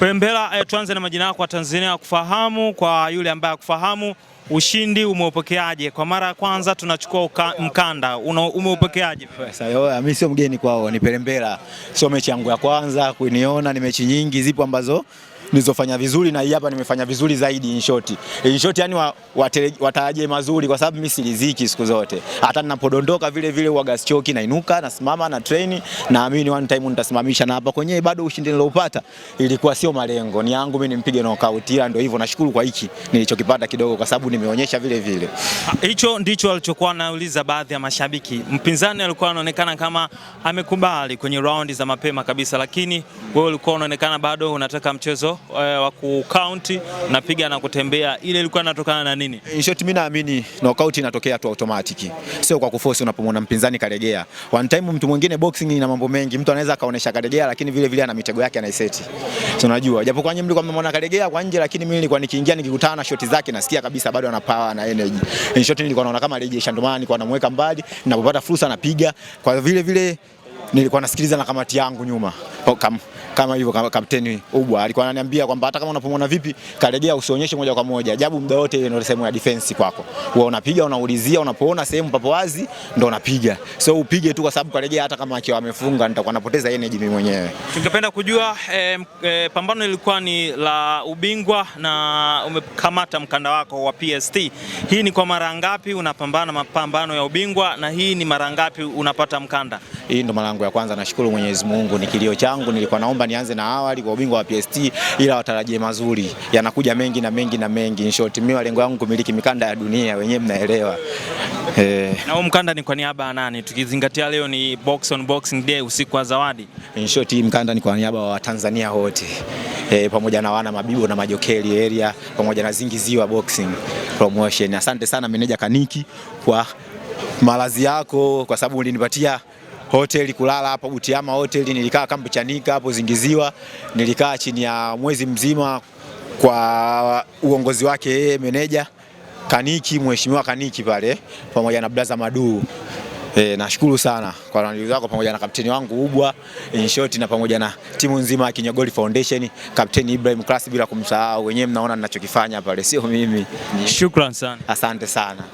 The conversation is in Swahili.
Pembela, eh, tuanze na majina yako tanzania kufahamu, kwa yule ambaye akufahamu, ushindi umeupokeaje? Kwa mara ya kwanza tunachukua uka, mkanda umeupokeaje? Eh, mimi sio mgeni kwao, ni Pembela, sio mechi yangu ya kwanza kuniona, ni mechi nyingi zipo ambazo nilizofanya vizuri na hii hapa nimefanya vizuri zaidi in short. In short yani watarajie wa mazuri kwa sababu mimi siliziki siku zote. Hata ninapodondoka vile vile huwa sichoki na inuka na simama na train na amini one time nitasimamisha na hapa kwenye bado ushindi nilopata ilikuwa sio malengo. Ni yangu mimi nimpige knockout ila ndio hivyo nashukuru kwa hiki nilichokipata kidogo kwa sababu nimeonyesha vile vile. Hicho ndicho alichokuwa anauliza baadhi ya mashabiki. Mpinzani alikuwa anaonekana kama amekubali kwenye raundi za mapema kabisa lakini wewe ulikuwa unaonekana bado unataka mchezo eh, wa kukaunti napiga na kutembea, ile ilikuwa inatokana na nini? In short mimi naamini knockout inatokea tu automatic, sio kwa kuforce. Unapomwona mpinzani karegea one time, mtu mwingine boxing ina mambo mengi, mtu anaweza akaonesha karegea, lakini vile vile ana mitego yake anaiseti. So unajua, japo kwa nyinyi mlikuwa mmemwona karegea kwa nje, lakini mimi nilikuwa nikiingia nikikutana na shoti zake nasikia kabisa bado ana power na energy. In short nilikuwa naona kama rejesha, ndio maana nilikuwa namweka mbali, ninapopata fursa napiga. Kwa vile vile nilikuwa nasikiliza na kamati yangu nyuma Pokam kama hivyo. Kapteni Ubwa alikuwa ananiambia kwamba hata kama unapomwona vipi, karejea usionyeshe moja kwa moja, jabu muda wote ile ndio sehemu ya defense kwako. Wewe unapiga, unaulizia, unapoona sehemu papo wazi ndio unapiga, so upige tu, kwa sababu karejea, hata kama akiwa amefunga nitakuwa napoteza energy mimi mwenyewe. Tungependa kujua eh, eh, pambano lilikuwa ni la ubingwa na umekamata mkanda wako wa PST. Hii ni kwa mara ngapi unapambana mapambano ya ubingwa na hii ni mara ngapi unapata mkanda? Hii ndo mara yangu ya kwanza, nashukuru Mwenyezi Mungu, ni kilio changu nilikuwa naomba nianze na awali kwa ubingwa wa PST, ila watarajie mazuri, yanakuja mengi na mengi na mengi. In short, mimi lengo langu kumiliki mikanda ya dunia, wenyewe mnaelewa eh. Na huu mkanda ni kwa niaba ya nani, tukizingatia leo ni box on boxing day, usiku wa zawadi? In short, hii mkanda ni kwa niaba wa Tanzania wote e, pamoja na wana mabibo na majokeli area pamoja na zingiziwa boxing promotion. Asante sana meneja Kaniki kwa malazi yako kwa sababu ulinipatia hoteli kulala hapa Butiama hoteli, nilikaa kambi Chanika hapo Zingiziwa, nilikaa chini ya mwezi mzima kwa uongozi wake yeye meneja Kaniki, mheshimiwa Kaniki pale pamoja na Blaza madu E, nashukuru sana kwa nanili zako pamoja na kapteni wangu Ubwa in short na pamoja na timu nzima ya Kinyogoli Foundation, kapteni Ibrahim Class bila kumsahau, wenyewe mnaona ninachokifanya pale, sio mimi. Shukrani sana. Asante sana.